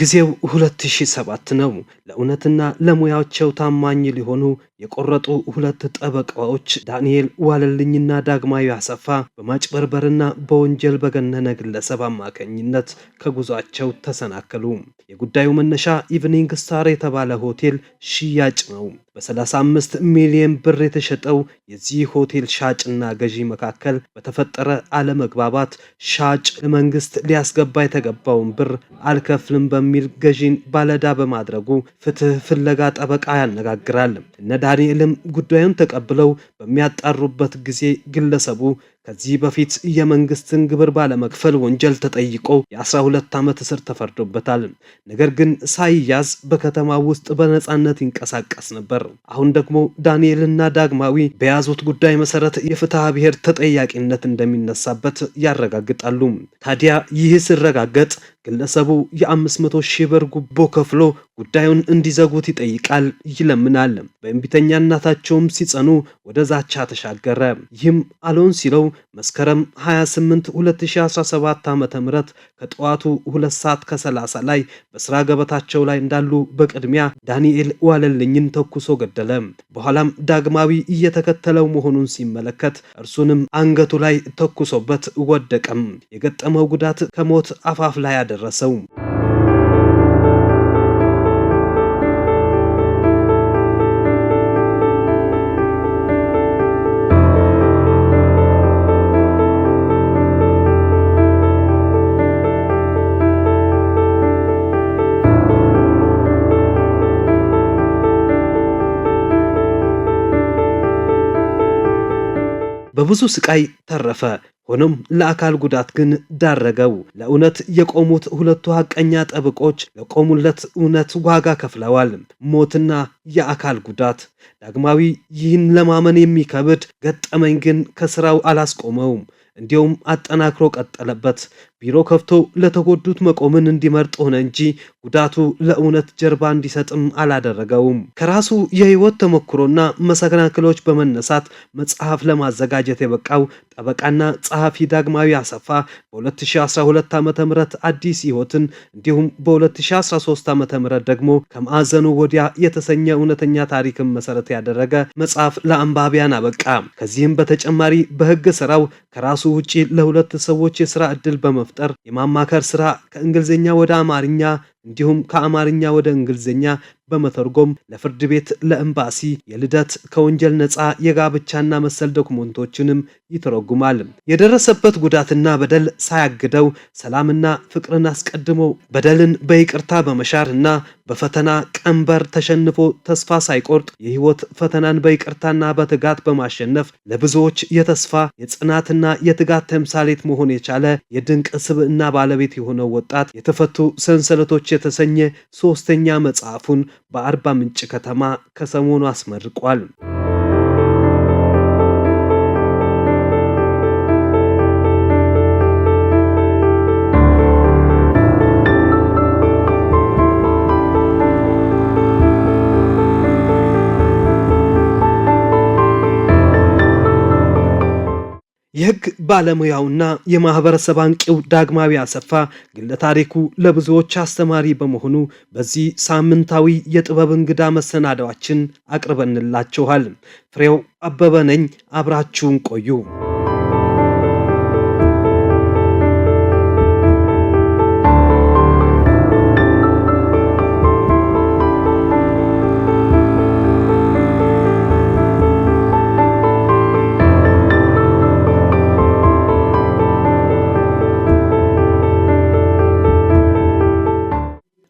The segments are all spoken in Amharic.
ጊዜው 2007 ነው። ለእውነትና ለሙያቸው ታማኝ ሊሆኑ የቆረጡ ሁለት ጠበቃዎች ዳንኤል ዋለልኝና ዳግማዊ አሰፋ በማጭበርበርና በወንጀል በገነነ ግለሰብ አማካኝነት ከጉዟቸው ተሰናከሉ። የጉዳዩ መነሻ ኢቭኒንግ ስታር የተባለ ሆቴል ሽያጭ ነው። በ35 ሚሊዮን ብር የተሸጠው የዚህ ሆቴል ሻጭና ገዢ መካከል በተፈጠረ አለመግባባት ሻጭ ለመንግስት ሊያስገባ የተገባውን ብር አልከፍልም በሚል ገዢን ባለዳ በማድረጉ ፍትህ ፍለጋ ጠበቃ ያነጋግራል። እነ ዳንኤልም ጉዳዩን ተቀብለው በሚያጣሩበት ጊዜ ግለሰቡ ከዚህ በፊት የመንግስትን ግብር ባለመክፈል ወንጀል ተጠይቆ የ12 ዓመት እስር ተፈርዶበታል። ነገር ግን ሳይያዝ በከተማ ውስጥ በነፃነት ይንቀሳቀስ ነበር። አሁን ደግሞ ዳንኤልና ዳግማዊ በያዙት ጉዳይ መሰረት የፍትሐ ብሔር ተጠያቂነት እንደሚነሳበት ያረጋግጣሉ። ታዲያ ይህ ሲረጋገጥ ግለሰቡ የ500 ሺህ ብር ጉቦ ከፍሎ ጉዳዩን እንዲዘጉት ይጠይቃል፣ ይለምናል። እናታቸውም ሲጸኑ ወደ ዛቻ ተሻገረ። ይህም አልሆን ሲለው መስከረም 28 2017 ዓ.ም ከጠዋቱ 2 ሰዓት ከ30 ላይ በስራ ገበታቸው ላይ እንዳሉ በቅድሚያ ዳንኤል ዋለልኝን ተኩሶ ገደለ። በኋላም ዳግማዊ እየተከተለው መሆኑን ሲመለከት እርሱንም አንገቱ ላይ ተኩሶበት ወደቀም። የገጠመው ጉዳት ከሞት አፋፍ ላይ አደረ። deterração. በብዙ ስቃይ ተረፈ። ሆኖም ለአካል ጉዳት ግን ዳረገው። ለእውነት የቆሙት ሁለቱ ሀቀኛ ጠበቆች ለቆሙለት እውነት ዋጋ ከፍለዋል፤ ሞትና የአካል ጉዳት። ዳግማዊ ይህን ለማመን የሚከብድ ገጠመኝ ግን ከስራው አላስቆመውም። እንዲሁም አጠናክሮ ቀጠለበት። ቢሮ ከፍቶ ለተጎዱት መቆምን እንዲመርጥ ሆነ እንጂ ጉዳቱ ለእውነት ጀርባ እንዲሰጥም አላደረገውም። ከራሱ የህይወት ተሞክሮና መሰናክሎች በመነሳት መጽሐፍ ለማዘጋጀት የበቃው ጠበቃና ጸሐፊ ዳግማዊ አሰፋ በ2012 ዓ ም አዲስ ህይወትን እንዲሁም በ2013 ዓ ም ደግሞ ከማዕዘኑ ወዲያ የተሰኘ እውነተኛ ታሪክን መሰረት ያደረገ መጽሐፍ ለአንባቢያን አበቃ። ከዚህም በተጨማሪ በህግ ስራው ከራሱ ውጪ ለሁለት ሰዎች የስራ ዕድል በመ በመፍጠር የማማከር ስራ ከእንግሊዝኛ ወደ አማርኛ እንዲሁም ከአማርኛ ወደ እንግሊዝኛ በመተርጎም ለፍርድ ቤት፣ ለኤምባሲ፣ የልደት ከወንጀል ነፃ የጋብቻና መሰል ዶክመንቶችንም ይተረጉማል። የደረሰበት ጉዳትና በደል ሳያግደው ሰላምና ፍቅርን አስቀድሞ በደልን በይቅርታ በመሻርና በፈተና ቀንበር ተሸንፎ ተስፋ ሳይቆርጥ የህይወት ፈተናን በይቅርታና በትጋት በማሸነፍ ለብዙዎች የተስፋ የጽናትና የትጋት ተምሳሌት መሆን የቻለ የድንቅ ስብዕና ባለቤት የሆነው ወጣት የተፈቱ ሰንሰለቶች የተሰኘ ሶስተኛ መጽሐፉን በአርባ ምንጭ ከተማ ከሰሞኑ አስመርቋል። ባለሙያውና የማህበረሰብ አንቂው ዳግማዊ አሰፋ ግለ ታሪኩ ለብዙዎች አስተማሪ በመሆኑ በዚህ ሳምንታዊ የጥበብ እንግዳ መሰናዳዋችን አቅርበንላችኋል። ፍሬው አበበ ነኝ። አብራችሁን ቆዩ።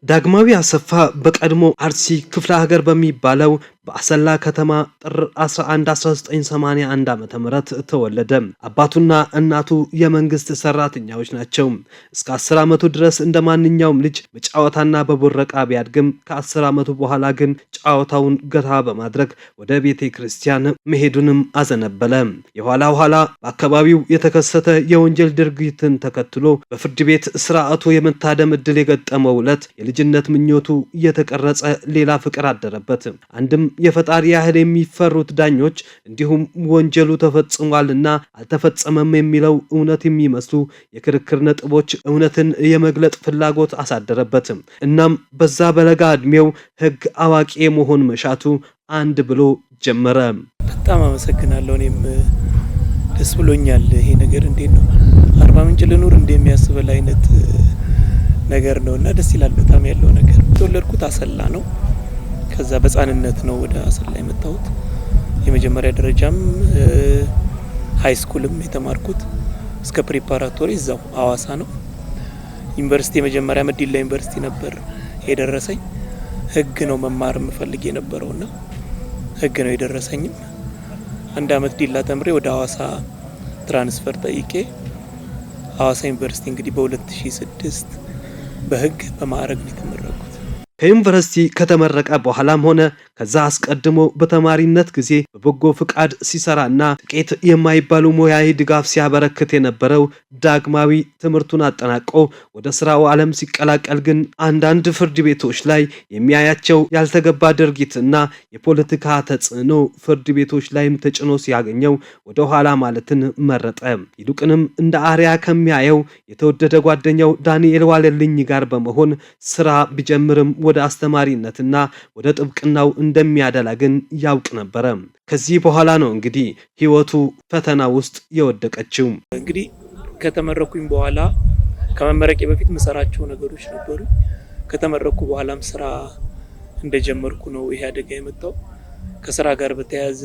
ዳግማዊ አሰፋ በቀድሞ አርሲ ክፍለ ሀገር በሚባለው በአሰላ ከተማ ጥር 11 1981 ም ተወለደ። አባቱና እናቱ የመንግስት ሰራተኛዎች ናቸው። እስከ 10 ዓመቱ ድረስ እንደ ማንኛውም ልጅ በጨዋታና በቦረቃ ቢያድግም ከ10 ዓመቱ በኋላ ግን ጨዋታውን ገታ በማድረግ ወደ ቤተ ክርስቲያን መሄዱንም አዘነበለ። የኋላ ኋላ በአካባቢው የተከሰተ የወንጀል ድርጊትን ተከትሎ በፍርድ ቤት ስርዓቱ የመታደም እድል የገጠመው ዕለት የልጅነት ምኞቱ እየተቀረጸ ሌላ ፍቅር አደረበት። አንድም የፈጣሪ ያህል የሚፈሩት ዳኞች እንዲሁም ወንጀሉ ተፈጽሟልና አልተፈጸመም የሚለው እውነት የሚመስሉ የክርክር ነጥቦች እውነትን የመግለጥ ፍላጎት አሳደረበትም። እናም በዛ በለጋ ዕድሜው ህግ አዋቂ መሆን መሻቱ አንድ ብሎ ጀመረ። በጣም አመሰግናለሁ። እኔም ደስ ብሎኛል። ይሄ ነገር እንዴት ነው አርባ ምንጭ ልኑር እንደሚያስበል አይነት ነገር ነው እና ደስ ይላል በጣም ያለው ነገር። የተወለድኩት አሰላ ነው ከዛ በህጻንነት ነው ወደ አሰላ የመጣሁት። የመጀመሪያ ደረጃም ሀይ ስኩልም የተማርኩት እስከ ፕሪፓራቶሪ እዛው አዋሳ ነው። ዩኒቨርሲቲ የመጀመሪያ መዲላ ዩኒቨርሲቲ ነበር የደረሰኝ። ህግ ነው መማር የምፈልግ ና ህግ ነው የደረሰኝም። አንድ አመት ዲላ ተምሬ ወደ ሀዋሳ ትራንስፈር ጠይቄ ሀዋሳ ዩኒቨርሲቲ እንግዲህ በ2006 በህግ በማዕረግ ነው የተመረቁ። ከዩኒቨርሲቲ ከተመረቀ በኋላም ሆነ ከዛ አስቀድሞ በተማሪነት ጊዜ በበጎ ፍቃድ ሲሰራና ጥቂት የማይባሉ ሙያዊ ድጋፍ ሲያበረክት የነበረው ዳግማዊ ትምህርቱን አጠናቆ ወደ ስራው ዓለም ሲቀላቀል ግን አንዳንድ ፍርድ ቤቶች ላይ የሚያያቸው ያልተገባ ድርጊትና የፖለቲካ ተጽዕኖ ፍርድ ቤቶች ላይም ተጭኖ ሲያገኘው ወደ ኋላ ማለትን መረጠ። ይልቁንም እንደ አርያ ከሚያየው የተወደደ ጓደኛው ዳንኤል ዋለልኝ ጋር በመሆን ስራ ቢጀምርም ወደ አስተማሪነትና ወደ ጥብቅናው እንደሚያደላ ግን ያውቅ ነበረ። ከዚህ በኋላ ነው እንግዲህ ህይወቱ ፈተና ውስጥ የወደቀችው። እንግዲህ ከተመረኩኝ በኋላ ከመመረቄ በፊት ምሰራቸው ነገሮች ነበሩ። ከተመረኩ በኋላም ስራ እንደጀመርኩ ነው ይሄ አደጋ የመጣው። ከስራ ጋር በተያያዘ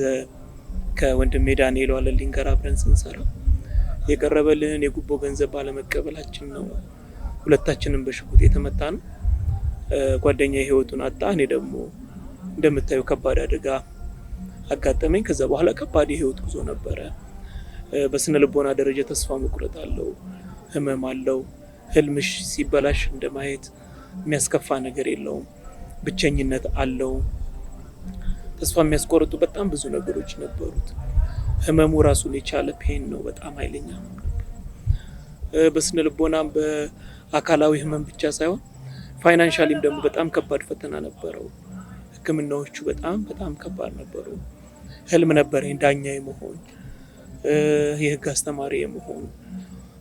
ከወንድሜ ዳንኤል ዋለልኝ ጋር አብረን ስንሰራ የቀረበልንን የጉቦ ገንዘብ ባለመቀበላችን ነው ሁለታችንም በሽጉጥ የተመታ ነው። ጓደኛ ህይወቱን አጣ። እኔ ደግሞ እንደምታዩ ከባድ አደጋ አጋጠመኝ። ከዛ በኋላ ከባድ የህይወት ጉዞ ነበረ። በስነ ልቦና ደረጃ ተስፋ መቁረጥ አለው፣ ህመም አለው። ህልምሽ ሲበላሽ እንደማየት የሚያስከፋ ነገር የለውም። ብቸኝነት አለው። ተስፋ የሚያስቆርጡ በጣም ብዙ ነገሮች ነበሩት። ህመሙ ራሱን የቻለ ፔን ነው፣ በጣም ኃይለኛ ነው። በስነ ልቦናም በአካላዊ ህመም ብቻ ሳይሆን ፋይናንሻሊም ደግሞ በጣም ከባድ ፈተና ነበረው። ህክምናዎቹ በጣም በጣም ከባድ ነበሩ። ህልም ነበረኝ ዳኛ የመሆን የህግ አስተማሪ የመሆን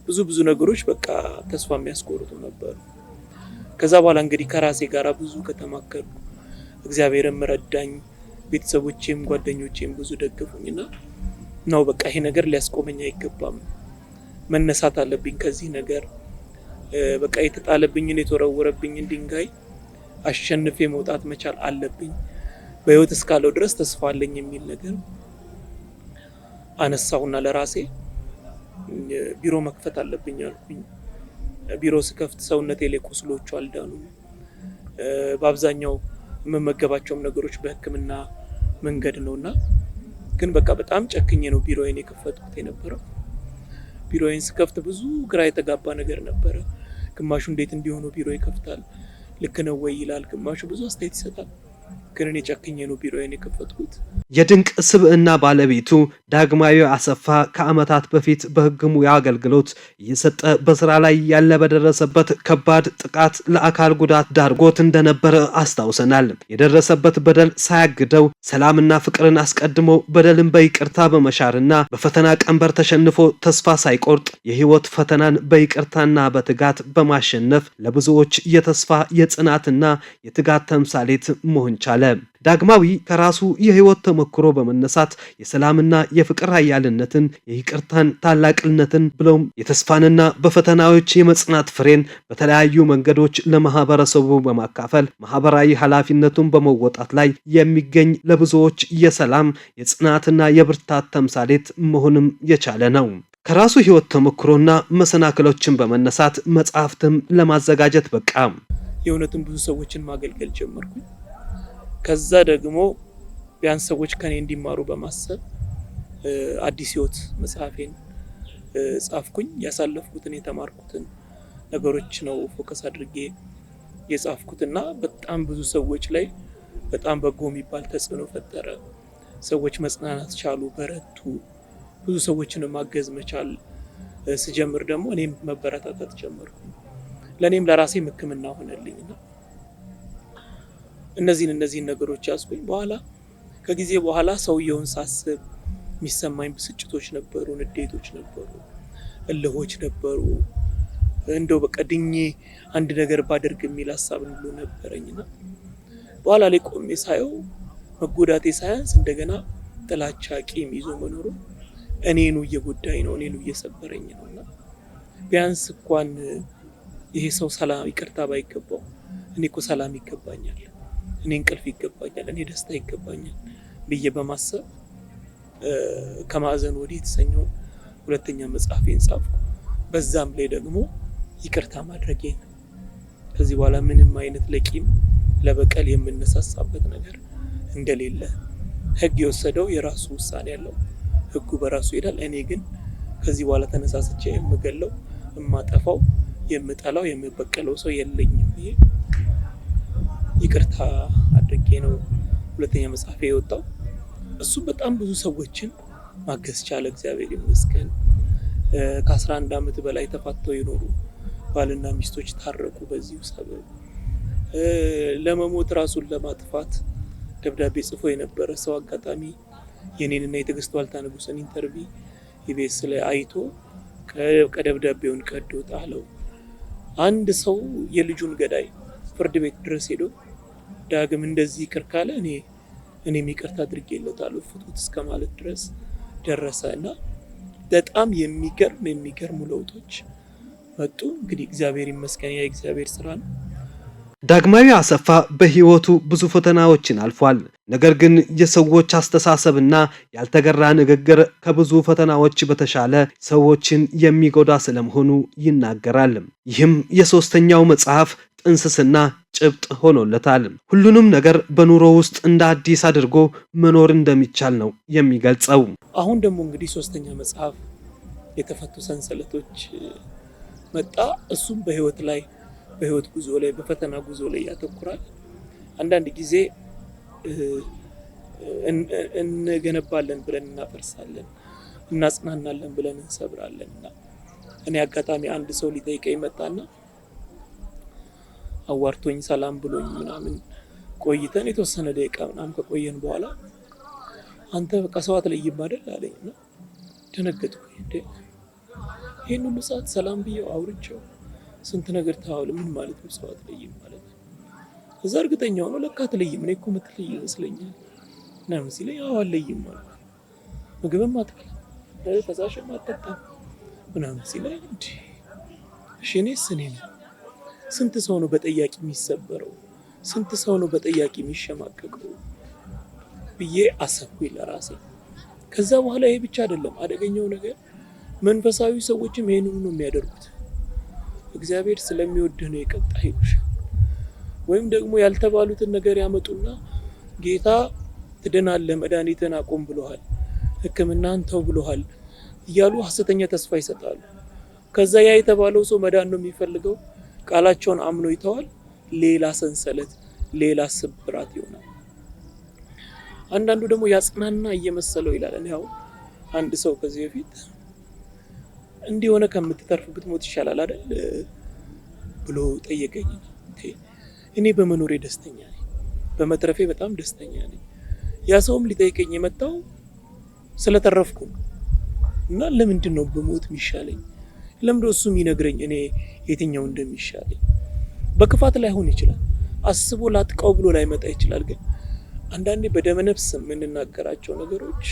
ብዙ ብዙ ነገሮች በቃ ተስፋ የሚያስቆርጡ ነበሩ። ከዛ በኋላ እንግዲህ ከራሴ ጋር ብዙ ከተማከርኩ እግዚአብሔርም ረዳኝ፣ ቤተሰቦቼም ጓደኞቼም ብዙ ደግፉኝ እና ነው በቃ ይሄ ነገር ሊያስቆመኝ አይገባም፣ መነሳት አለብኝ ከዚህ ነገር በቃ የተጣለብኝን የተወረወረብኝን ድንጋይ አሸንፌ መውጣት መቻል አለብኝ፣ በህይወት እስካለው ድረስ ተስፋ አለኝ የሚል ነገር አነሳሁና ለራሴ ቢሮ መክፈት አለብኝ አልኩኝ። ቢሮ ስከፍት ሰውነቴ ላይ ቁስሎቹ አልዳኑም። በአብዛኛው የምመገባቸውም ነገሮች በህክምና መንገድ ነው እና ግን በቃ በጣም ጨክኜ ነው ቢሮዬን የከፈትኩት የነበረው። ቢሮዬን ስከፍት ብዙ ግራ የተጋባ ነገር ነበረ። ግማሹ እንዴት እንዲሆኑ ቢሮ ይከፍታል፣ ልክ ነው ወይ ይላል፣ ግማሹ ብዙ አስተያየት ይሰጣል። ግን እኔ ጨክኜ ነው ቢሮዬን የከፈትኩት። የድንቅ ስብዕና ባለቤቱ ዳግማዊ አሰፋ ከዓመታት በፊት በሕግ ሙያ አገልግሎት እየሰጠ በስራ ላይ ያለ በደረሰበት ከባድ ጥቃት ለአካል ጉዳት ዳርጎት እንደነበረ አስታውሰናል። የደረሰበት በደል ሳያግደው ሰላምና ፍቅርን አስቀድሞ በደልን በይቅርታ በመሻርና በፈተና ቀንበር ተሸንፎ ተስፋ ሳይቆርጥ የህይወት ፈተናን በይቅርታና በትጋት በማሸነፍ ለብዙዎች የተስፋ የጽናትና የትጋት ተምሳሌት መሆን ቻለ። አለ። ዳግማዊ ከራሱ የህይወት ተሞክሮ በመነሳት የሰላምና የፍቅር ሀያልነትን የይቅርታን ታላቅነትን ብለውም የተስፋንና በፈተናዎች የመጽናት ፍሬን በተለያዩ መንገዶች ለማህበረሰቡ በማካፈል ማህበራዊ ኃላፊነቱን በመወጣት ላይ የሚገኝ ለብዙዎች የሰላም የጽናትና የብርታት ተምሳሌት መሆንም የቻለ ነው። ከራሱ ህይወት ተሞክሮና መሰናክሎችን በመነሳት መጽሐፍትም ለማዘጋጀት በቃ። የእውነትም ብዙ ሰዎችን ማገልገል ጀመርኩ። ከዛ ደግሞ ቢያንስ ሰዎች ከኔ እንዲማሩ በማሰብ አዲስ ህይወት መጽሐፌን ጻፍኩኝ። ያሳለፍኩትን የተማርኩትን ነገሮች ነው ፎከስ አድርጌ እና በጣም ብዙ ሰዎች ላይ በጣም በጎ የሚባል ተጽዕኖ ፈጠረ። ሰዎች መጽናናት ቻሉ፣ በረቱ። ብዙ ሰዎችን ማገዝ መቻል ስጀምር ደግሞ እኔም መበረታታት ጀመርኩ። ለእኔም ለራሴ ሕክምና ሆነልኝና እነዚህን እነዚህን ነገሮች ያስኩኝ በኋላ ከጊዜ በኋላ ሰውየውን ሳስብ የሚሰማኝ ብስጭቶች ነበሩ፣ ንዴቶች ነበሩ፣ እልሆች ነበሩ። እንደው በቃ ድኜ አንድ ነገር ባደርግ የሚል ሀሳብ ሁሉ ነበረኝና በኋላ ላይ ቆሜ ሳየው መጎዳቴ ሳያንስ እንደገና ጥላቻ፣ ቂም ይዞ መኖሩ እኔኑ እየጎዳኝ ነው፣ እኔኑ እየሰበረኝ ነው እና ቢያንስ እንኳን ይሄ ሰው ሰላም ይቅርታ ባይገባው እኔ እኮ ሰላም ይገባኛል እኔ እንቅልፍ ይገባኛል፣ እኔ ደስታ ይገባኛል ብዬ በማሰብ ከማዕዘን ወዲህ የተሰኘው ሁለተኛ መጽሐፌን ጻፍኩ። በዛም ላይ ደግሞ ይቅርታ ማድረጌን ከዚህ በኋላ ምንም አይነት ለቂም ለበቀል የምነሳሳበት ነገር እንደሌለ ህግ የወሰደው የራሱ ውሳኔ ያለው ህጉ በራሱ ይሄዳል። እኔ ግን ከዚህ በኋላ ተነሳስቼ የምገለው የማጠፋው የምጠላው የምበቀለው ሰው የለኝም ይቅርታ አድርጌ ነው ሁለተኛ መጽሐፍ የወጣው። እሱ በጣም ብዙ ሰዎችን ማገዝ ቻለ። እግዚአብሔር ይመስገን። ከ11 ዓመት በላይ ተፋተው የኖሩ ባልና ሚስቶች ታረቁ። በዚሁ ሰበብ ለመሞት ራሱን ለማጥፋት ደብዳቤ ጽፎ የነበረ ሰው አጋጣሚ የኔንና የትዕግስት ዋልታ ንጉሰን ኢንተርቪ ኢቢኤስ ላይ አይቶ ከደብዳቤውን ቀዶ ጣለው። አንድ ሰው የልጁን ገዳይ ፍርድ ቤት ድረስ ሄዶ ዳግም እንደዚህ ይቅር ካለ እኔ እኔም ይቅርታ አድርጌለታለሁ ፍቱት እስከ ማለት ድረስ ደረሰ እና በጣም የሚገርም የሚገርሙ ለውጦች መጡ። እንግዲህ እግዚአብሔር ይመስገን የእግዚአብሔር ስራ ነው። ዳግማዊ አሰፋ በህይወቱ ብዙ ፈተናዎችን አልፏል። ነገር ግን የሰዎች አስተሳሰብና ያልተገራ ንግግር ከብዙ ፈተናዎች በተሻለ ሰዎችን የሚጎዳ ስለመሆኑ ይናገራል። ይህም የሶስተኛው መጽሐፍ ጥንስስና ጭብጥ ሆኖለታል። ሁሉንም ነገር በኑሮ ውስጥ እንደ አዲስ አድርጎ መኖር እንደሚቻል ነው የሚገልጸው። አሁን ደግሞ እንግዲህ ሶስተኛ መጽሐፍ የተፈቱ ሰንሰለቶች መጣ። እሱም በህይወት ላይ በህይወት ጉዞ ላይ በፈተና ጉዞ ላይ ያተኩራል። አንዳንድ ጊዜ እንገነባለን ብለን እናፈርሳለን፣ እናጽናናለን ብለን እንሰብራለን እና እኔ አጋጣሚ አንድ ሰው ሊጠይቀኝ መጣና አዋርቶኝ ሰላም ብሎኝ ምናምን ቆይተን የተወሰነ ደቂቃ ምናምን ከቆየን በኋላ አንተ በቃ ሰው አትለይም አይደል አለኝ እና ደነገጥኩኝ። ይህን ሁሉ ሰዓት ሰላም ብዬው አውርቼው ስንት ነገር ተዋል። ምን ማለት ነው ሰው አትለይም ማለት እዛ እርግጠኛ ሆኖ ለካ አትለይም እኔ እኮ የምትለይ ይመስለኛል ምናምን ሲለኝ አዎ አለይም ማለት ምግብም አትበላም ፈሳሽም አትጠጣም ምናምን ሲለኝ እንዲህ እሺ እኔስ እኔ ነው ስንት ሰው ነው በጠያቂ የሚሰበረው? ስንት ሰው ነው በጠያቂ የሚሸማቀቀው ብዬ አሰብኩኝ ለራሴ። ከዛ በኋላ ይሄ ብቻ አይደለም አደገኛው ነገር፣ መንፈሳዊ ሰዎችም ይሄንን ነው የሚያደርጉት። እግዚአብሔር ስለሚወድህ ነው የቀጣ ይሉሽ፣ ወይም ደግሞ ያልተባሉትን ነገር ያመጡና ጌታ ትድናለህ፣ መድኃኒትን አቁም ብሎሃል፣ ሕክምናን ተው ብሎሃል እያሉ ሀሰተኛ ተስፋ ይሰጣሉ። ከዛ ያ የተባለው ሰው መዳን ነው የሚፈልገው ቃላቸውን አምኖ ይተዋል። ሌላ ሰንሰለት፣ ሌላ ስብራት ይሆናል። አንዳንዱ ደግሞ ያጽናና እየመሰለው ይላል። እኔ ያው አንድ ሰው ከዚህ በፊት እንዲህ ሆነ ከምትተርፍበት ሞት ይሻላል አይደል ብሎ ጠየቀኝ። እኔ በመኖሬ ደስተኛ ነኝ፣ በመትረፌ በጣም ደስተኛ ነኝ። ያ ሰውም ሊጠይቀኝ የመጣው ስለተረፍኩ እና ለምንድን ነው በሞት የሚሻለኝ? ለምዶ እሱም ይነግረኝ እኔ የትኛው እንደሚሻል በክፋት ሆን ይችላል። አስቦ ላጥቀው ብሎ ላይመጣ ይችላል። ግን አንዳንዴ በደመነፍስ የምንናገራቸው ነገሮች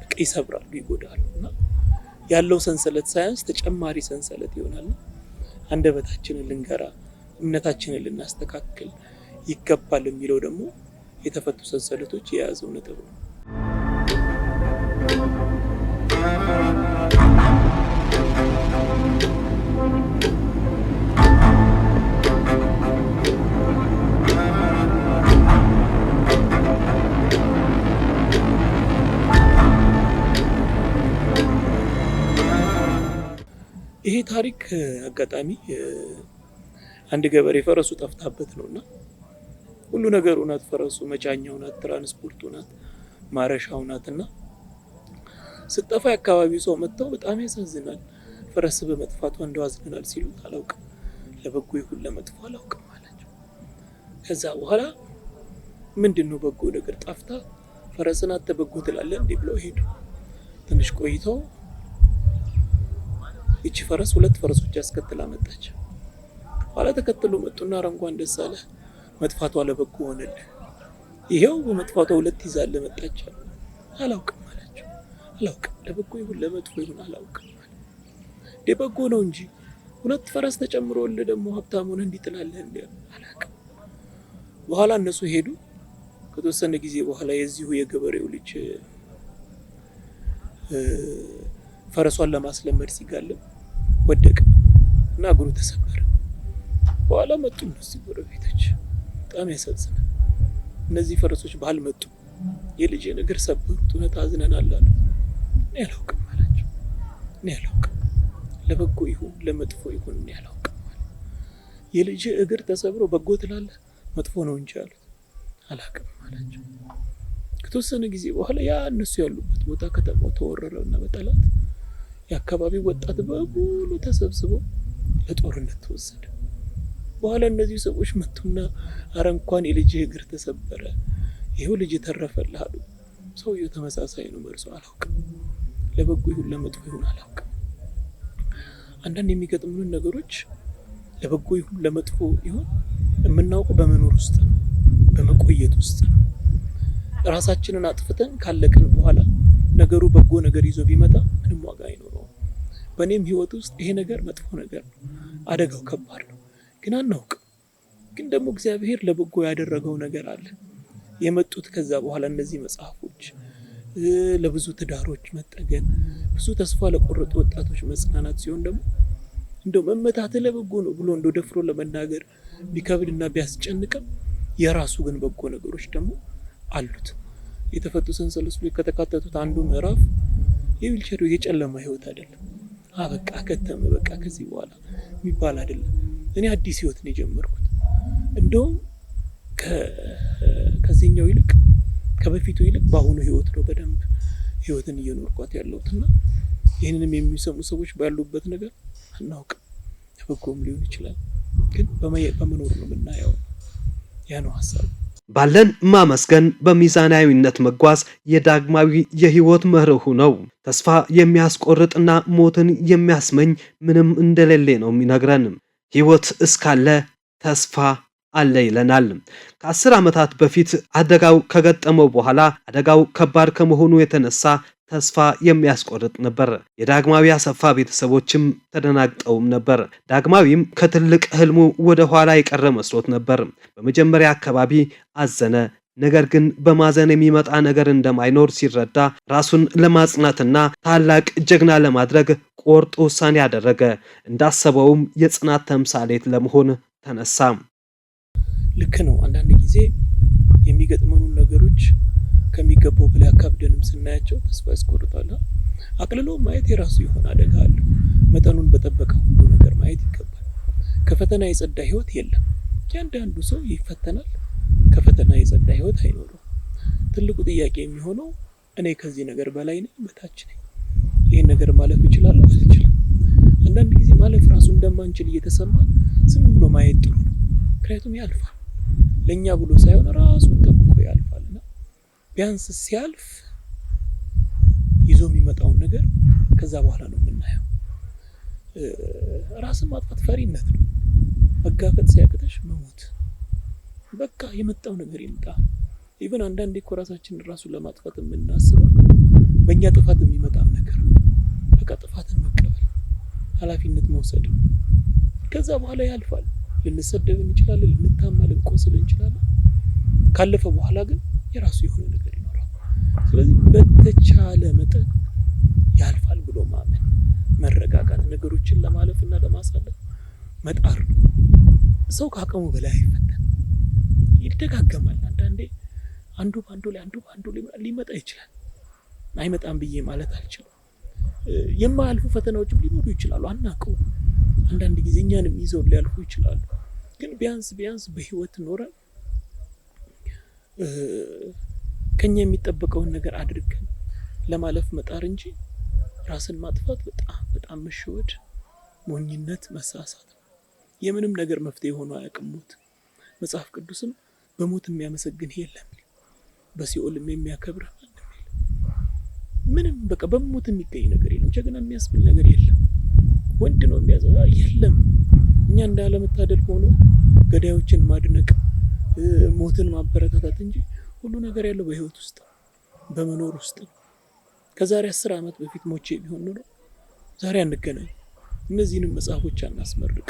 በቃ ይሰብራሉ፣ ይጎዳሉ እና ያለው ሰንሰለት ሳያንስ ተጨማሪ ሰንሰለት ይሆናል። አንደበታችንን ልንገራ፣ እምነታችንን ልናስተካክል ይገባል የሚለው ደግሞ የተፈቱ ሰንሰለቶች የያዘው ነጥብ ነው። ይሄ ታሪክ አጋጣሚ አንድ ገበሬ ፈረሱ ጠፍታበት ነው እና ሁሉ ነገሩ ናት ፈረሱ፣ መጫኛው ናት፣ ትራንስፖርቱ ናት፣ ማረሻው ናት እና ስጠፋ የአካባቢው ሰው መጥተው በጣም ያሳዝናል፣ ፈረስ በመጥፋቱ እንደው አዝነናል ሲሉ አላውቅም፣ ለበጎ ይሁን ለመጥፎ አላውቅም አላቸው። ከዛ በኋላ ምንድን ነው በጎ ነገር ጠፍታ ፈረስን አተ በጎ ትላለ እንዴ ብለው ሄዱ። ትንሽ ቆይተው እቺ ፈረስ ሁለት ፈረሶች አስከትላ መጣች። ኋላ ተከትሎ መጡና አረንጓን ደስ አለ መጥፋቷ ለበጎ ሆነልህ፣ ይሄው በመጥፋቷ ሁለት ይዛለ መጣች። አላውቅም አላቸው። አላውቅም ለበጎ ይሁን ለመጥፎ ይሁን አላውቅም አለ። ነው እንጂ ሁለት ፈረስ ወለ ደግሞ ሀብታም ሆነ እንዲጥላለህ እንዲ አላውቅም። በኋላ እነሱ ሄዱ። ከተወሰነ ጊዜ በኋላ የዚሁ የገበሬው ልጅ ፈረሷን ለማስለመድ ሲጋልብ ወደቀ እና እግሩ ተሰበረ። በኋላ መጡ እነዚህ ጎረቤቶች። በጣም ያሳዝናል። እነዚህ ፈረሶች መጡ የልጅ እግር ሰበሩት፣ እውነት አዝነናል አሉ። እኔ አላውቅም አላቸው። እኔ አላውቅም ለበጎ ይሁን ለመጥፎ ይሁን እኔ አላውቅም የልጅ እግር ተሰብሮ በጎ ትላለህ? መጥፎ ነው እንጂ አሉት። አላውቅም አላቸው። ከተወሰነ ጊዜ በኋላ ያ እነሱ ያሉበት ቦታ ከተማው እና በጠላት የአካባቢው ወጣት በሙሉ ተሰብስቦ ለጦርነት ተወሰደ። በኋላ እነዚህ ሰዎች መጡና አረ እንኳን የልጅህ እግር ተሰበረ ይኸው ልጅ ተረፈልህ አሉ። ሰውየው ተመሳሳይ ነው መርሶ አላውቅም ለበጎ ይሁን ለመጥፎ ይሁን አላውቅም። አንዳንድ የሚገጥሙንን ነገሮች ለበጎ ይሁን ለመጥፎ ይሁን የምናውቀው በመኖር ውስጥ ነው፣ በመቆየት ውስጥ ነው። ራሳችንን አጥፍተን ካለቅን በኋላ ነገሩ በጎ ነገር ይዞ ቢመጣ ምንም ዋጋ አይኖርም። በእኔም ህይወት ውስጥ ይሄ ነገር መጥፎ ነገር ነው፣ አደጋው ከባድ ነው፣ ግን አናውቅም። ግን ደግሞ እግዚአብሔር ለበጎ ያደረገው ነገር አለ። የመጡት ከዛ በኋላ እነዚህ መጽሐፎች ለብዙ ትዳሮች መጠገን፣ ብዙ ተስፋ ለቆረጡ ወጣቶች መጽናናት ሲሆን ደግሞ እንደው መመታት ለበጎ ነው ብሎ እንደ ደፍሮ ለመናገር ቢከብድና ቢያስጨንቅም የራሱ ግን በጎ ነገሮች ደግሞ አሉት። የተፈቱ ሰንሰለት ከተካተቱት አንዱ ምዕራፍ የዊልቸሩ የጨለማ ህይወት አይደለም። አበቃ ከተመ በቃ ከዚህ በኋላ የሚባል አይደለም። እኔ አዲስ ህይወት ነው የጀመርኩት። እንደውም ከዚህኛው ይልቅ ከበፊቱ ይልቅ በአሁኑ ህይወት ነው በደንብ ህይወትን እየኖርኳት እና ይህንንም የሚሰሙ ሰዎች ባሉበት ነገር አናውቅም። በጎም ሊሆን ይችላል፣ ግን በመኖር ነው የምናየው። ያ ነው ሀሳቡ። ባለን ማመስገን በሚዛናዊነት መጓዝ የዳግማዊ የህይወት መርሁ ነው። ተስፋ የሚያስቆርጥና ሞትን የሚያስመኝ ምንም እንደሌለ ነው የሚነግረን። ህይወት እስካለ ተስፋ አለ ይለናል። ከአስር ዓመታት በፊት አደጋው ከገጠመው በኋላ አደጋው ከባድ ከመሆኑ የተነሳ ተስፋ የሚያስቆርጥ ነበር። የዳግማዊ አሰፋ ቤተሰቦችም ተደናግጠውም ነበር። ዳግማዊም ከትልቅ ህልሙ ወደ ኋላ የቀረ መስሎት ነበር። በመጀመሪያ አካባቢ አዘነ። ነገር ግን በማዘን የሚመጣ ነገር እንደማይኖር ሲረዳ ራሱን ለማጽናትና ታላቅ ጀግና ለማድረግ ቆርጦ ውሳኔ አደረገ። እንዳሰበውም የጽናት ተምሳሌት ለመሆን ተነሳ። ልክ ነው። አንዳንድ ጊዜ የሚገጥመኑን ነገሮች ከሚገባው በላይ አካብደንም ስናያቸው ተስፋ ያስቆርጣል። አቅልሎ ማየት የራሱ የሆነ አደጋ አለ። መጠኑን በጠበቀ ሁሉ ነገር ማየት ይገባል። ከፈተና የጸዳ ህይወት የለም። እያንዳንዱ ሰው ይፈተናል። ከፈተና የጸዳ ህይወት አይኖርም። ትልቁ ጥያቄ የሚሆነው እኔ ከዚህ ነገር በላይ ነኝ፣ በታች ነኝ፣ ይህን ነገር ማለፍ እችላለሁ አልችልም። አንዳንድ ጊዜ ማለፍ ራሱ እንደማንችል እየተሰማ ዝም ብሎ ማየት ጥሩ ነው። ምክንያቱም ያልፋል። ለእኛ ብሎ ሳይሆን ራሱን ጠብቆ ያልፋል ቢያንስ ሲያልፍ ይዞ የሚመጣውን ነገር ከዛ በኋላ ነው የምናየው። ራስን ማጥፋት ፈሪነት ነው። መጋፈጥ ሲያቅተሽ መሞት፣ በቃ የመጣው ነገር ይምጣ። ኢቨን አንዳንዴ እኮ ራሳችንን ራሱን ለማጥፋት የምናስበው በእኛ ጥፋት የሚመጣም ነገር በቃ ጥፋትን መቀበል፣ ኃላፊነት መውሰድ፣ ከዛ በኋላ ያልፋል። ልንሰደብ እንችላለን፣ ልንታማ፣ ልንቆስል እንችላለን። ካለፈ በኋላ ግን የራሱ የሆነ ነገር ስለዚህ በተቻለ መጠን ያልፋል ብሎ ማመን፣ መረጋጋት፣ ነገሮችን ለማለፍ እና ለማሳለፍ መጣር ሰው ከአቅሙ በላይ አይፈተን፣ ይደጋገማል። አንዳንዴ አንዱ በአንዱ ላይ አንዱ በአንዱ ላይ ሊመጣ ይችላል። አይመጣም ብዬ ማለት አልችልም። የማያልፉ ፈተናዎችም ሊኖሩ ይችላሉ፣ አናቀው አንዳንድ ጊዜ እኛንም ይዘው ሊያልፉ ይችላሉ። ግን ቢያንስ ቢያንስ በህይወት ኖረን ከኛ የሚጠበቀውን ነገር አድርገን ለማለፍ መጣር እንጂ ራስን ማጥፋት በጣም በጣም መሸወድ፣ ሞኝነት፣ መሳሳት የምንም ነገር መፍትሄ ሆኖ አያውቅም ሞት። መጽሐፍ ቅዱስም በሞት የሚያመሰግን የለም በሲኦልም የሚያከብር ምንም በቃ በሞት የሚገኝ ነገር የለም። ጀግና የሚያስብል ነገር የለም። ወንድ ነው የሚያዘው የለም። እኛ እንዳለመታደል ሆኖ ገዳዮችን ማድነቅ ሞትን ማበረታታት እንጂ ሁሉ ነገር ያለው በህይወት ውስጥ በመኖር ውስጥ ነው። ከዛሬ አስር ዓመት በፊት ሞቼ ቢሆን ኑሮ ዛሬ አንገናኝ። እነዚህንም መጽሐፎች አናስመርቅ።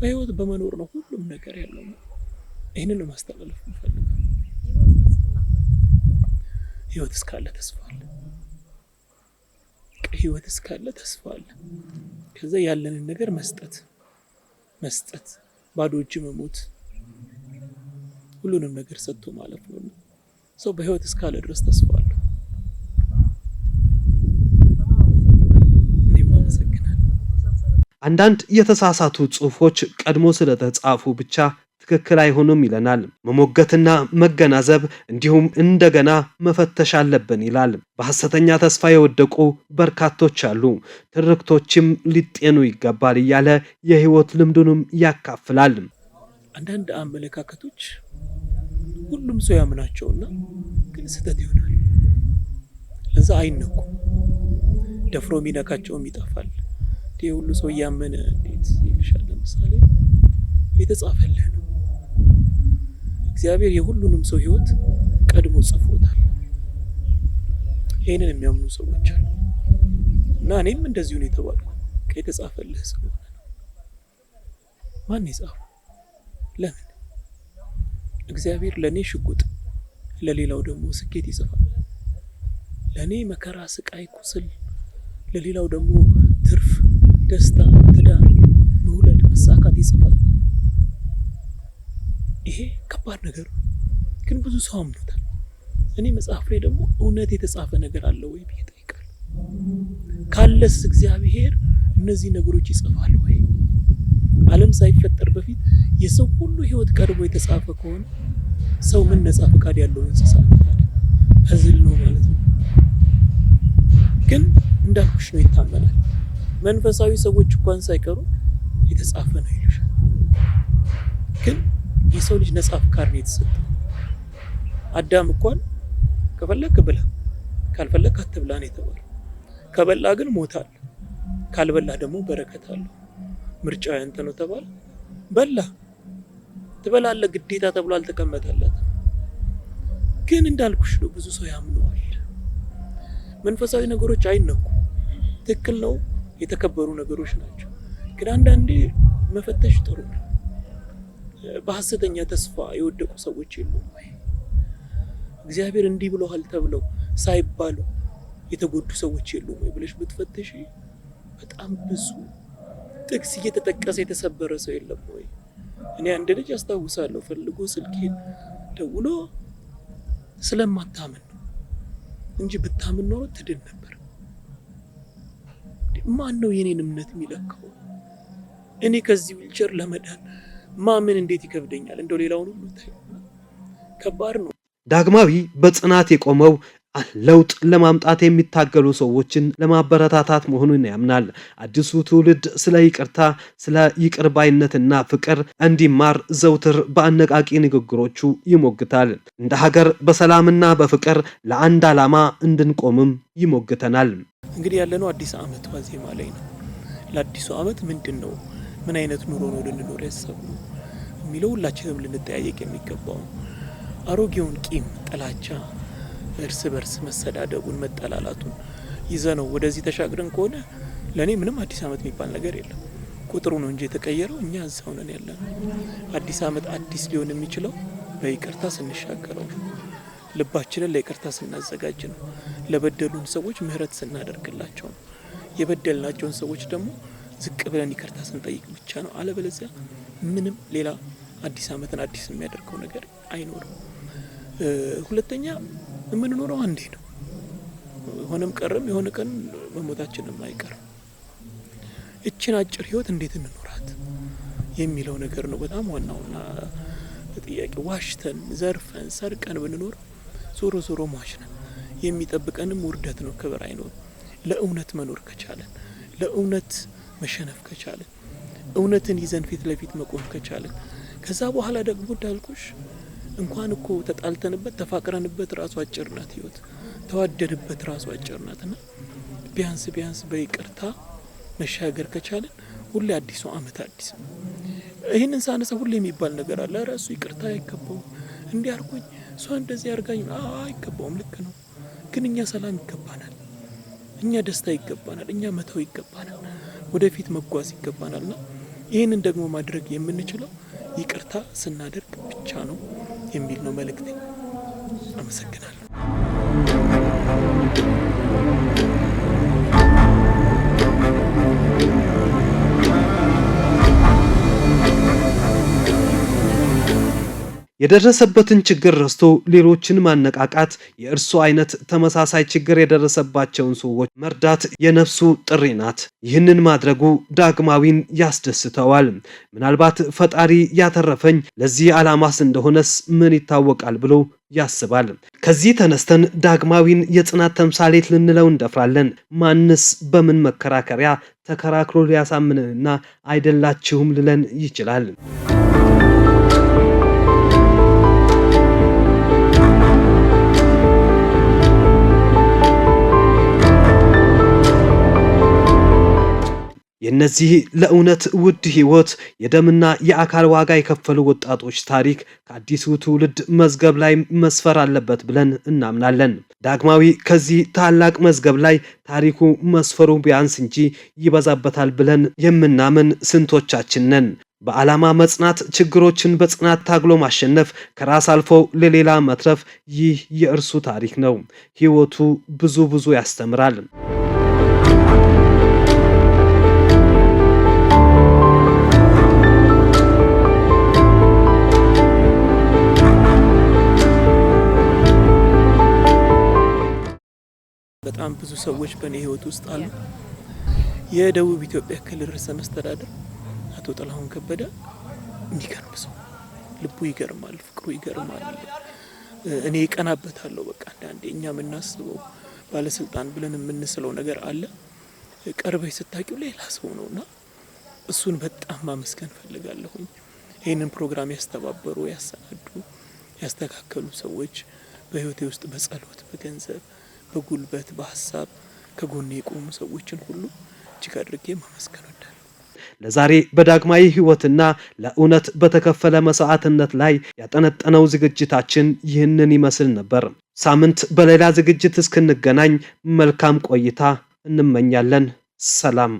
በህይወት በመኖር ነው ሁሉም ነገር ያለው። ይህንን ማስተላለፍ እንፈልጋለን። ህይወት እስካለ ተስፋ አለ። ህይወት እስካለ ተስፋ አለ። ከዛ ያለንን ነገር መስጠት መስጠት፣ ባዶ እጅ መሞት፣ ሁሉንም ነገር ሰጥቶ ማለፍ ነው። ሰው በህይወት እስካለ ድረስ ተስፋ አንዳንድ የተሳሳቱ ጽሁፎች ቀድሞ ስለተጻፉ ብቻ ትክክል አይሆኑም ይለናል። መሞገትና መገናዘብ እንዲሁም እንደገና መፈተሽ አለብን ይላል። በሐሰተኛ ተስፋ የወደቁ በርካቶች አሉ፣ ትርክቶችም ሊጤኑ ይገባል እያለ የህይወት ልምዱንም ያካፍላል። አንዳንድ አመለካከቶች ሁሉም ሰው ያምናቸውና ግን ስህተት ይሆናል። ለዛ አይነኩም። ደፍሮ የሚነካቸውም ይጠፋል። ይህ ሁሉ ሰው እያመነ እንዴት ይልሻል? ለምሳሌ የተጻፈልህ ነው። እግዚአብሔር የሁሉንም ሰው ህይወት ቀድሞ ጽፎታል። ይህንን የሚያምኑ ሰዎች አሉ እና እኔም እንደዚሁ ነው የተባልኩ ከየተጻፈልህ ስለሆነ ነው። ማን የጻፈው? ለምን እግዚአብሔር ለእኔ ሽጉጥ ለሌላው ደግሞ ስኬት ይጽፋል። ለእኔ መከራ፣ ስቃይ፣ ቁስል ለሌላው ደግሞ ትርፍ፣ ደስታ፣ ትዳር፣ መውለድ፣ መሳካት ይጽፋል። ይሄ ከባድ ነገር ግን ብዙ ሰው አምኖታል። እኔ መጽሐፍ ላይ ደግሞ እውነት የተጻፈ ነገር አለ ወይ ብዬ ጠይቃል። ካለስ እግዚአብሔር እነዚህ ነገሮች ይጽፋል ወይ? ዓለም ሳይፈጠር በፊት የሰው ሁሉ ህይወት ቀድሞ የተጻፈ ከሆነ ሰው ምን ነጻ ፈቃድ ያለው እንስሳ ነው? ፐዝል ነው ማለት ነው። ግን እንዳልኩሽ ነው፣ ይታመናል። መንፈሳዊ ሰዎች እንኳን ሳይቀሩ የተጻፈ ነው ይሉሻል። ግን የሰው ልጅ ነጻ ፈቃድ ነው የተሰጠ። አዳም እንኳን ከፈለክ ብላ ካልፈለክ አትብላ ነው የተባለው። ከበላ ግን ሞታል፣ ካልበላ ደግሞ በረከት አለው። ምርጫ ያንተ ነው ተባለ። በላ ትበላለ ግዴታ ተብሎ አልተቀመጠለት። ግን እንዳልኩሽ ነው፣ ብዙ ሰው ያምነዋል። መንፈሳዊ ነገሮች አይነኩ፣ ትክክል ነው፣ የተከበሩ ነገሮች ናቸው። ግን አንዳንዴ መፈተሽ ጥሩ ነው። በሐሰተኛ ተስፋ የወደቁ ሰዎች የሉም? እግዚአብሔር እንዲህ ብለዋል ተብለው ሳይባሉ የተጎዱ ሰዎች የሉም ወይ ብለሽ ብትፈትሽ በጣም ብዙ ጥቅስ እየተጠቀሰ የተሰበረ ሰው የለም ወይ? እኔ አንድ ልጅ አስታውሳለሁ ፈልጎ ስልኬን ደውሎ ስለማታምን ነው እንጂ ብታምን ኖሮ ትድን ነበር። ማን ነው የኔን እምነት የሚለካው? እኔ ከዚህ ዊልቸር ለመዳን ማምን እንዴት ይከብደኛል? እንደው ሌላውን ሁሉ ከባድ ነው። ዳግማዊ በጽናት የቆመው ለውጥ ለማምጣት የሚታገሉ ሰዎችን ለማበረታታት መሆኑን ያምናል። አዲሱ ትውልድ ስለ ይቅርታ፣ ስለ ይቅርባይነትና ፍቅር እንዲማር ዘውትር በአነቃቂ ንግግሮቹ ይሞግታል። እንደ ሀገር በሰላምና በፍቅር ለአንድ ዓላማ እንድንቆምም ይሞግተናል። እንግዲህ ያለነው አዲስ ዓመት ዋዜማ ላይ ነው። ለአዲሱ ዓመት ምንድን ነው ምን አይነት ኑሮ ነው ልንኖር ያሰብነው የሚለው ሁላችንም ልንጠያየቅ የሚገባው አሮጌውን ቂም፣ ጥላቻ እርስ በርስ መሰዳደቡን መጠላላቱን ይዘ ነው ወደዚህ ተሻግረን ከሆነ ለእኔ ምንም አዲስ አመት የሚባል ነገር የለም። ቁጥሩ ነው እንጂ የተቀየረው፣ እኛ እዛው ነን ያለ ነው። አዲስ አመት አዲስ ሊሆን የሚችለው በይቅርታ ስንሻገረው ነው። ልባችንን ለይቅርታ ስናዘጋጅ ነው። ለበደሉን ሰዎች ምህረት ስናደርግላቸው ነው። የበደልናቸውን ሰዎች ደግሞ ዝቅ ብለን ይቅርታ ስንጠይቅ ብቻ ነው። አለበለዚያ ምንም ሌላ አዲስ አመትን አዲስ የሚያደርገው ነገር አይኖርም። ሁለተኛ የምንኖረው አንዴ ነው። ሆነም ቀረም የሆነ ቀን መሞታችንም አይቀርም። እችን አጭር ህይወት እንዴት እንኖራት የሚለው ነገር ነው በጣም ዋናውና ጥያቄ። ዋሽተን ዘርፈን ሰርቀን ብንኖር ዞሮ ዞሮ ሟች ነን። የሚጠብቀንም ውርደት ነው፣ ክብር አይኖርም። ለእውነት መኖር ከቻለን፣ ለእውነት መሸነፍ ከቻለን፣ እውነትን ይዘን ፊት ለፊት መቆም ከቻለን ከዛ በኋላ ደግሞ እንዳልኩሽ እንኳን እኮ ተጣልተንበት ተፋቅረንበት ራሱ አጭር ናት ህይወት፣ ተዋደንበት ራሱ አጭር ናት ና ቢያንስ ቢያንስ በይቅርታ መሻገር ከቻለን ሁሌ አዲሱ አመት አዲስ ነው። ይህንን ሁሌ የሚባል ነገር አለ። እሱ ይቅርታ አይገባውም፣ እንዲህ አርጎኝ እሷ እንደዚህ አርጋኝ አይገባውም። ልክ ነው፣ ግን እኛ ሰላም ይገባናል፣ እኛ ደስታ ይገባናል፣ እኛ መተው ይገባናል፣ ወደፊት መጓዝ ይገባናል። ና ይህንን ደግሞ ማድረግ የምንችለው ይቅርታ ስናደርግ ብቻ ነው። የሚል ነው መልእክት አመሰግናለሁ። የደረሰበትን ችግር ረስቶ ሌሎችን ማነቃቃት፣ የእርሱ አይነት ተመሳሳይ ችግር የደረሰባቸውን ሰዎች መርዳት የነፍሱ ጥሪ ናት። ይህንን ማድረጉ ዳግማዊን ያስደስተዋል። ምናልባት ፈጣሪ ያተረፈኝ ለዚህ ዓላማስ እንደሆነስ ምን ይታወቃል ብሎ ያስባል። ከዚህ ተነስተን ዳግማዊን የጽናት ተምሳሌት ልንለው እንደፍራለን። ማንስ በምን መከራከሪያ ተከራክሮ ሊያሳምንንና አይደላችሁም ልለን ይችላል? የእነዚህ ለእውነት ውድ ህይወት የደምና የአካል ዋጋ የከፈሉ ወጣቶች ታሪክ ከአዲሱ ትውልድ መዝገብ ላይ መስፈር አለበት ብለን እናምናለን። ዳግማዊ ከዚህ ታላቅ መዝገብ ላይ ታሪኩ መስፈሩ ቢያንስ እንጂ ይበዛበታል ብለን የምናምን ስንቶቻችን ነን? በዓላማ መጽናት፣ ችግሮችን በጽናት ታግሎ ማሸነፍ፣ ከራስ አልፎ ለሌላ መትረፍ፣ ይህ የእርሱ ታሪክ ነው። ህይወቱ ብዙ ብዙ ያስተምራል። በጣም ብዙ ሰዎች በእኔ ህይወት ውስጥ አሉ። የደቡብ ኢትዮጵያ ክልል ርዕሰ መስተዳደር አቶ ጥላሁን ከበደ የሚገርም ሰው፣ ልቡ ይገርማል፣ ፍቅሩ ይገርማል። እኔ ይቀናበታለሁ በቃ አንዳንዴ እኛ የምናስበው ባለስልጣን ብለን የምንስለው ነገር አለ፣ ቀርበህ ስታቂው ሌላ ሰው ነው እና እሱን በጣም ማመስገን ፈልጋለሁኝ። ይህንን ፕሮግራም ያስተባበሩ፣ ያሰናዱ፣ ያስተካከሉ ሰዎች በህይወቴ ውስጥ በጸሎት በገንዘብ በጉልበት በሀሳብ ከጎን የቆሙ ሰዎችን ሁሉ እጅግ አድርጌ ማመስገን ለዛሬ በዳግማዊ ሕይወትና ለእውነት በተከፈለ መሰዓትነት ላይ ያጠነጠነው ዝግጅታችን ይህንን ይመስል ነበር። ሳምንት በሌላ ዝግጅት እስክንገናኝ መልካም ቆይታ እንመኛለን። ሰላም